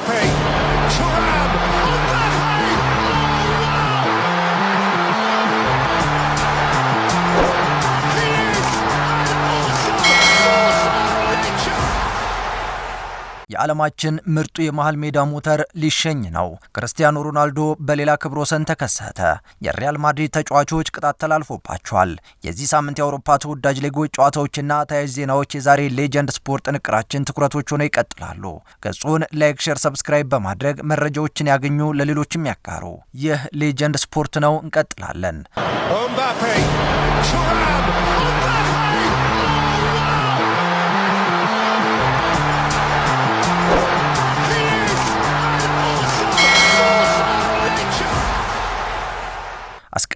Mbappe. የዓለማችን ምርጡ የመሃል ሜዳ ሞተር ሊሸኝ ነው። ክርስቲያኖ ሮናልዶ በሌላ ክብረ ወሰን ተከሰተ። የሪያል ማድሪድ ተጫዋቾች ቅጣት ተላልፎባቸዋል። የዚህ ሳምንት የአውሮፓ ተወዳጅ ሌጎች ጨዋታዎችና ተያያዥ ዜናዎች የዛሬ ሌጀንድ ስፖርት ጥንቅራችን ትኩረቶች ሆነው ይቀጥላሉ። ገጹን ላይክ፣ ሼር፣ ሰብስክራይብ በማድረግ መረጃዎችን ያገኙ፣ ለሌሎችም ያጋሩ። ይህ ሌጀንድ ስፖርት ነው። እንቀጥላለን።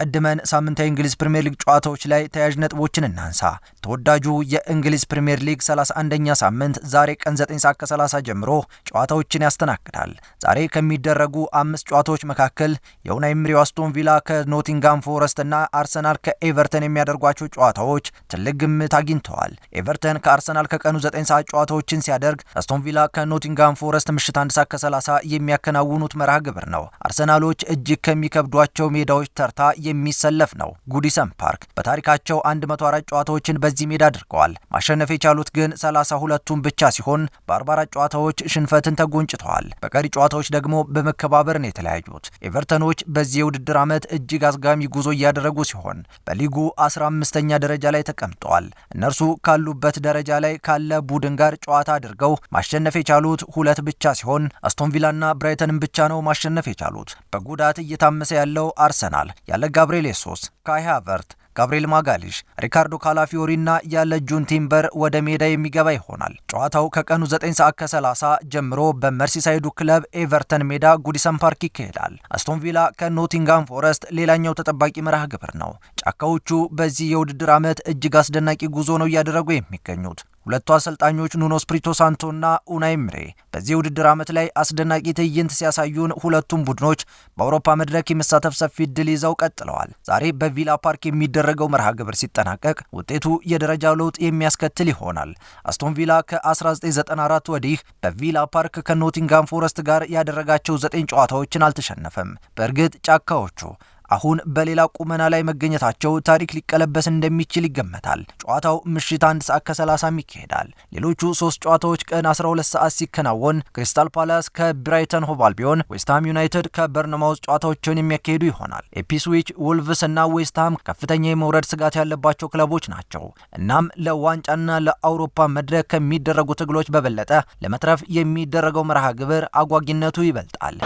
አስቀድመን ሳምንታዊ እንግሊዝ ፕሪምየር ሊግ ጨዋታዎች ላይ ተያዥ ነጥቦችን እናንሳ። ተወዳጁ የእንግሊዝ ፕሪምየር ሊግ 31ኛ ሳምንት ዛሬ ቀን 9 ሰዓት ከ30 ጀምሮ ጨዋታዎችን ያስተናግዳል። ዛሬ ከሚደረጉ አምስት ጨዋታዎች መካከል የኡናይ ኤምሪው አስቶን ቪላ ከኖቲንጋም ፎረስት እና አርሰናል ከኤቨርተን የሚያደርጓቸው ጨዋታዎች ትልቅ ግምት አግኝተዋል። ኤቨርተን ከአርሰናል ከቀኑ 9 ሰዓት ጨዋታዎችን ሲያደርግ፣ አስቶን ቪላ ከኖቲንጋም ፎረስት ምሽት 1 ሰዓት ከ30 የሚያከናውኑት መርሃ ግብር ነው። አርሰናሎች እጅግ ከሚከብዷቸው ሜዳዎች ተርታ የሚሰለፍ ነው። ጉዲሰን ፓርክ በታሪካቸው 104 ጨዋታዎችን በዚህ ሜዳ አድርገዋል። ማሸነፍ የቻሉት ግን 32ቱን ብቻ ሲሆን በ44 ጨዋታዎች ሽንፈትን ተጎንጭተዋል። በቀሪ ጨዋታዎች ደግሞ በመከባበር ነው የተለያዩት። ኤቨርተኖች በዚህ የውድድር ዓመት እጅግ አዝጋሚ ጉዞ እያደረጉ ሲሆን በሊጉ 15ኛ ደረጃ ላይ ተቀምጠዋል። እነርሱ ካሉበት ደረጃ ላይ ካለ ቡድን ጋር ጨዋታ አድርገው ማሸነፍ የቻሉት ሁለት ብቻ ሲሆን አስቶንቪላና ብራይተንን ብቻ ነው ማሸነፍ የቻሉት። በጉዳት እየታመሰ ያለው አርሰናል ያለ ጋብርኤል ሶስ፣ ካይ ሃቨርት፣ ጋብርኤል ማጋሊሽ፣ ሪካርዶ ካላፊዮሪ እና ያለ ጁን ቲምበር ወደ ሜዳ የሚገባ ይሆናል። ጨዋታው ከቀኑ 9 ሰዓት ከ30 ጀምሮ በመርሲሳይዱ ክለብ ኤቨርተን ሜዳ ጉዲሰን ፓርክ ይካሄዳል። አስቶን ቪላ ከኖቲንጋም ፎረስት ሌላኛው ተጠባቂ መርሃ ግብር ነው። ጫካዎቹ በዚህ የውድድር ዓመት እጅግ አስደናቂ ጉዞ ነው እያደረጉ የሚገኙት። ሁለቱ አሰልጣኞች ኑኖ ስፕሪቶ ሳንቶና ኡናይ ምሬ በዚህ ውድድር ዓመት ላይ አስደናቂ ትዕይንት ሲያሳዩን ሁለቱም ቡድኖች በአውሮፓ መድረክ የመሳተፍ ሰፊ እድል ይዘው ቀጥለዋል። ዛሬ በቪላ ፓርክ የሚደረገው መርሃ ግብር ሲጠናቀቅ ውጤቱ የደረጃ ለውጥ የሚያስከትል ይሆናል። አስቶን ቪላ ከ1994 ወዲህ በቪላ ፓርክ ከኖቲንጋም ፎረስት ጋር ያደረጋቸው ዘጠኝ ጨዋታዎችን አልተሸነፈም። በእርግጥ ጫካዎቹ አሁን በሌላ ቁመና ላይ መገኘታቸው ታሪክ ሊቀለበስ እንደሚችል ይገመታል። ጨዋታው ምሽት አንድ ሰዓት ከ ይካሄዳል። ሌሎቹ ሶስት ጨዋታዎች ቀን 12 ሰዓት ሲከናወን ክሪስታል ፓላስ ከብራይተን ሆቭ አልቢዮን፣ ዌስትሃም ዩናይትድ ከበርንማውዝ ጨዋታዎችን የሚያካሄዱ ይሆናል። ኤፒስዊች፣ ውልቭስ እና ዌስትሃም ከፍተኛ የመውረድ ስጋት ያለባቸው ክለቦች ናቸው። እናም ለዋንጫና ለአውሮፓ መድረክ ከሚደረጉ ትግሎች በበለጠ ለመትረፍ የሚደረገው መርሃ ግብር አጓጊነቱ ይበልጣል።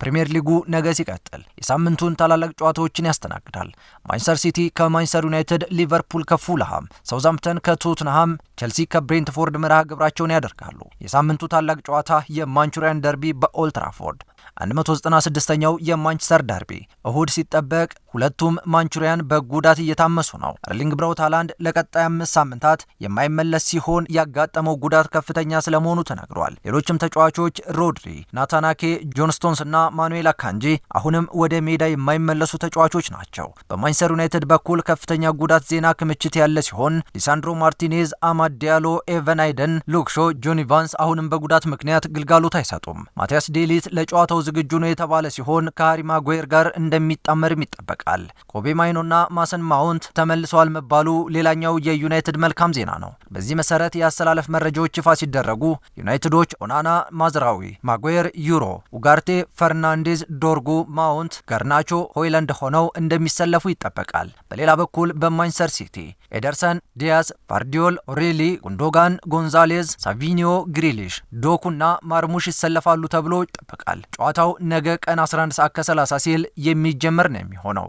ፕሪምየር ሊጉ ነገ ሲቀጥል የሳምንቱን ታላላቅ ጨዋታዎችን ያስተናግዳል። ማንቸስተር ሲቲ ከማንቸስተር ዩናይትድ፣ ሊቨርፑል ከፉልሃም፣ ሳውዛምፕተን ከቶትንሃም፣ ቸልሲ ከብሬንትፎርድ መርሃ ግብራቸውን ያደርጋሉ። የሳምንቱ ታላቅ ጨዋታ የማንቹሪያን ደርቢ በኦልትራፎርድ 196ኛው የማንቸስተር ዳርቢ እሁድ ሲጠበቅ ሁለቱም ማንቹሪያን በጉዳት እየታመሱ ነው። እርሊንግ ብራውት ሃላንድ ለቀጣይ አምስት ሳምንታት የማይመለስ ሲሆን ያጋጠመው ጉዳት ከፍተኛ ስለመሆኑ ተነግሯል። ሌሎችም ተጫዋቾች ሮድሪ፣ ናታናኬ፣ ጆንስቶንስ እና ማኑኤል አካንጂ አሁንም ወደ ሜዳ የማይመለሱ ተጫዋቾች ናቸው። በማንቸስተር ዩናይትድ በኩል ከፍተኛ ጉዳት ዜና ክምችት ያለ ሲሆን ሊሳንድሮ ማርቲኔዝ፣ አማድ ዲያሎ፣ ኤቨን አይደን፣ ሉክሾ፣ ጆኒ ቫንስ አሁንም በጉዳት ምክንያት ግልጋሎት አይሰጡም። ማቲያስ ዴሊት ለጨዋታው ዝግጁ ነው የተባለ ሲሆን ከሃሪ ማጎየር ጋር እንደሚጣመርም ይጠበቃል። ኮቤ ማይኖና ማሰን ማውንት ተመልሰዋል መባሉ ሌላኛው የዩናይትድ መልካም ዜና ነው። በዚህ መሰረት የአሰላለፍ መረጃዎች ይፋ ሲደረጉ ዩናይትዶች ኦናና፣ ማዝራዊ፣ ማጎየር ዩሮ፣ ኡጋርቴ፣ ፈርናንዴዝ፣ ዶርጉ፣ ማውንት፣ ገርናቾ፣ ሆይለንድ ሆነው እንደሚሰለፉ ይጠበቃል። በሌላ በኩል በማንቸስተር ሲቲ ኤደርሰን፣ ዲያስ፣ ቫርዲዮል፣ ኦሬሊ፣ ጉንዶጋን፣ ጎንዛሌዝ፣ ሳቪኒዮ፣ ግሪሊሽ፣ ዶኩና ማርሙሽ ይሰለፋሉ ተብሎ ይጠበቃል። ጨዋታው ነገ ቀን 11 ሰዓት ከ30 ሲል የሚጀመር ነው የሚሆነው።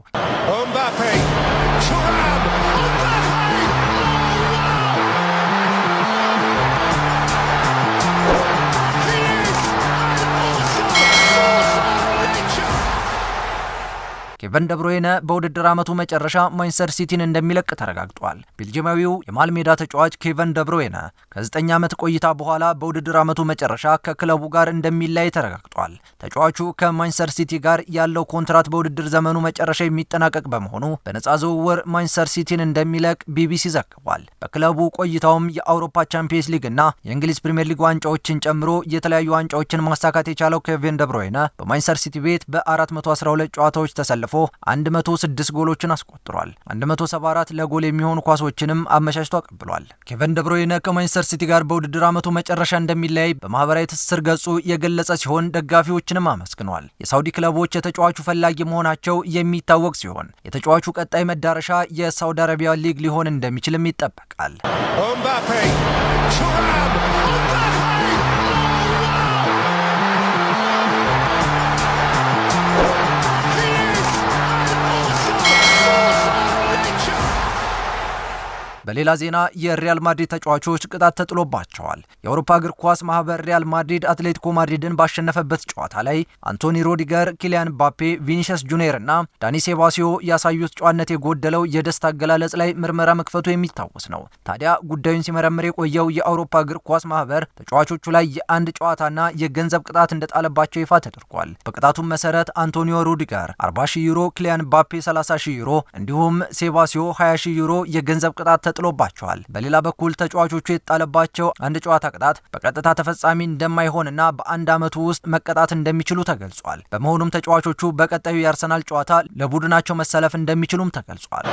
ኬቨን ደብሮይነ በውድድር ዓመቱ መጨረሻ ማንስተር ሲቲን እንደሚለቅ ተረጋግጧል። ቤልጅማዊው የመሃል ሜዳ ተጫዋች ኬቨን ደብሮይነ ከ9 ዓመት ቆይታ በኋላ በውድድር ዓመቱ መጨረሻ ከክለቡ ጋር እንደሚላይ ተረጋግጧል። ተጫዋቹ ከማንችስተር ሲቲ ጋር ያለው ኮንትራት በውድድር ዘመኑ መጨረሻ የሚጠናቀቅ በመሆኑ በነጻ ዝውውር ማንቸስተር ሲቲን እንደሚለቅ ቢቢሲ ዘግቧል። በክለቡ ቆይታውም የአውሮፓ ቻምፒየንስ ሊግ እና የእንግሊዝ ፕሪምየር ሊግ ዋንጫዎችን ጨምሮ የተለያዩ ዋንጫዎችን ማሳካት የቻለው ኬቨን ደብሮይነ በማንችስተር ሲቲ ቤት በ412 ጨዋታዎች ተሰልፎ 106 ጎሎችን አስቆጥሯል። 174 ለጎል የሚሆኑ ኳሶችንም አመቻችቶ አቀብሏል። ኬቨን ደብሮይነ ከማንቸስተር ሲቲ ጋር በውድድር ዓመቱ መጨረሻ እንደሚለያይ በማህበራዊ ትስስር ገጹ የገለጸ ሲሆን ደጋፊዎችንም አመስግኗል። የሳውዲ ክለቦች የተጫዋቹ ፈላጊ መሆናቸው የሚታወቅ ሲሆን የተጫዋቹ ቀጣይ መዳረሻ የሳውዲ አረቢያ ሊግ ሊሆን እንደሚችልም ይጠበቃል። በሌላ ዜና የሪያል ማድሪድ ተጫዋቾች ቅጣት ተጥሎባቸዋል። የአውሮፓ እግር ኳስ ማህበር ሪያል ማድሪድ አትሌቲኮ ማድሪድን ባሸነፈበት ጨዋታ ላይ አንቶኒ ሮዲገር፣ ኪሊያን ባፔ፣ ቪኒሽስ ጁኔር እና ዳኒ ሴባሲዮ ያሳዩት ጨዋነት የጎደለው የደስታ አገላለጽ ላይ ምርመራ መክፈቱ የሚታወስ ነው። ታዲያ ጉዳዩን ሲመረምር የቆየው የአውሮፓ እግር ኳስ ማህበር ተጫዋቾቹ ላይ የአንድ ጨዋታና የገንዘብ ቅጣት እንደጣለባቸው ይፋ ተደርጓል። በቅጣቱም መሰረት አንቶኒዮ ሩዲገር 40 ሺ ዩሮ፣ ኪሊያን ባፔ 30 ሺ ዩሮ እንዲሁም ሴባሲዮ 20 ሺ ዩሮ የገንዘብ ቅጣት ተጥሎባቸዋል። በሌላ በኩል ተጫዋቾቹ የተጣለባቸው አንድ ጨዋታ ቅጣት በቀጥታ ተፈጻሚ እንደማይሆንና በአንድ ዓመቱ ውስጥ መቀጣት እንደሚችሉ ተገልጿል። በመሆኑም ተጫዋቾቹ በቀጣዩ የአርሰናል ጨዋታ ለቡድናቸው መሰለፍ እንደሚችሉም ተገልጿል።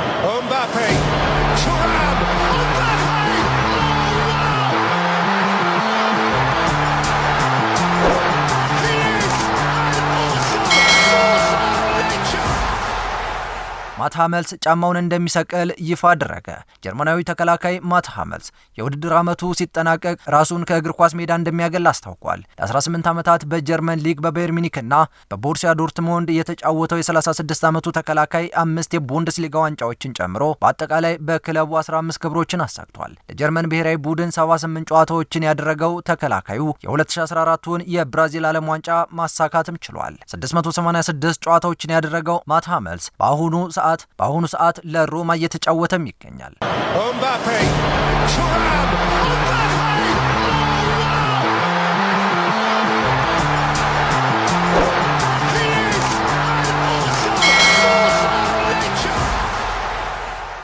ማት ሐመልስ ጫማውን እንደሚሰቅል ይፋ አደረገ። ጀርመናዊ ተከላካይ ማት ሀመልስ የውድድር ዓመቱ ሲጠናቀቅ ራሱን ከእግር ኳስ ሜዳ እንደሚያገል አስታውቋል። ለ18 ዓመታት በጀርመን ሊግ በባየር ሚኒክና በቦርሲያ ዶርትሞንድ የተጫወተው የ36 ዓመቱ ተከላካይ አምስት ሊጋ ዋንጫዎችን ጨምሮ በአጠቃላይ በክለቡ 15 ክብሮችን አሳግቷል። ለጀርመን ብሔራዊ ቡድን 78 ጨዋታዎችን ያደረገው ተከላካዩ የ2014ቱን የብራዚል ዓለም ዋንጫ ማሳካትም ችሏል። 686 ጨዋታዎችን ያደረገው ማት ሐመልስ በአሁኑ ሰዓት ሰዓት በአሁኑ ሰዓት ለሮማ እየተጫወተም ይገኛል።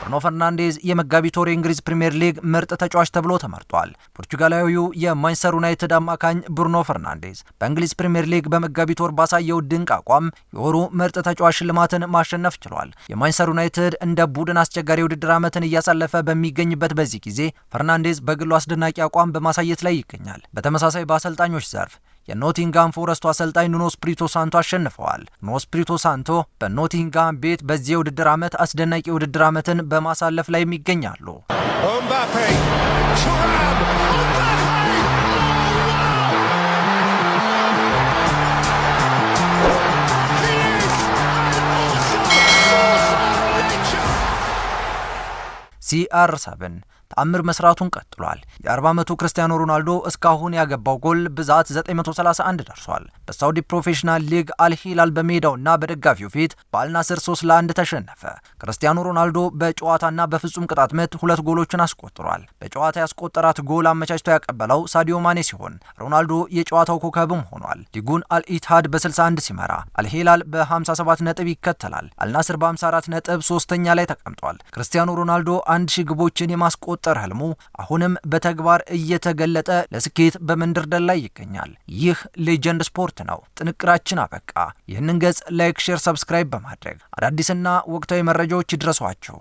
ብሩኖ ፈርናንዴዝ የመጋቢት ወር የእንግሊዝ ፕሪምየር ሊግ ምርጥ ተጫዋች ተብሎ ተመርጧል። ፖርቹጋላዊው የማንቸስተር ዩናይትድ አማካኝ ብሩኖ ፈርናንዴዝ በእንግሊዝ ፕሪምየር ሊግ በመጋቢት ወር ባሳየው ድንቅ አቋም የወሩ ምርጥ ተጫዋች ሽልማትን ማሸነፍ ችሏል። የማንቸስተር ዩናይትድ እንደ ቡድን አስቸጋሪ ውድድር ዓመትን እያሳለፈ በሚገኝበት በዚህ ጊዜ ፈርናንዴዝ በግሉ አስደናቂ አቋም በማሳየት ላይ ይገኛል። በተመሳሳይ በአሰልጣኞች ዘርፍ የኖቲንጋም ፎረስቱ አሰልጣኝ ኑኖ ስፕሪቶ ሳንቶ አሸንፈዋል። ኑኖ ስፕሪቶ ሳንቶ በኖቲንጋም ቤት በዚህ የውድድር ዓመት አስደናቂ የውድድር ዓመትን በማሳለፍ ላይ ይገኛሉ። ሲአር ሰብን ተአምር መስራቱን ቀጥሏል። የ40 ዓመቱ ክርስቲያኖ ሮናልዶ እስካሁን ያገባው ጎል ብዛት 931 ደርሷል። በሳውዲ ፕሮፌሽናል ሊግ አልሂላል በሜዳውና በደጋፊው ፊት በአልናስር 3 ለ1 ተሸነፈ። ክርስቲያኖ ሮናልዶ በጨዋታና በፍጹም ቅጣት ምት ሁለት ጎሎችን አስቆጥሯል። በጨዋታ ያስቆጠራት ጎል አመቻችቶ ያቀበለው ሳዲዮ ማኔ ሲሆን ሮናልዶ የጨዋታው ኮከብም ሆኗል። ሊጉን አልኢትሃድ በ61 ሲመራ አልሂላል በ57 ነጥብ ይከተላል። አልናስር በ54 ነጥብ ሶስተኛ ላይ ተቀምጧል። ክርስቲያኖ ሮናልዶ 1000 ግቦችን የማስቆ የመቆጠር ህልሙ አሁንም በተግባር እየተገለጠ ለስኬት በመንደርደር ላይ ይገኛል። ይህ ሌጀንድ ስፖርት ነው። ጥንቅራችን አበቃ። ይህንን ገጽ ላይክ፣ ሼር፣ ሰብስክራይብ በማድረግ አዳዲስና ወቅታዊ መረጃዎች ይድረሷቸው።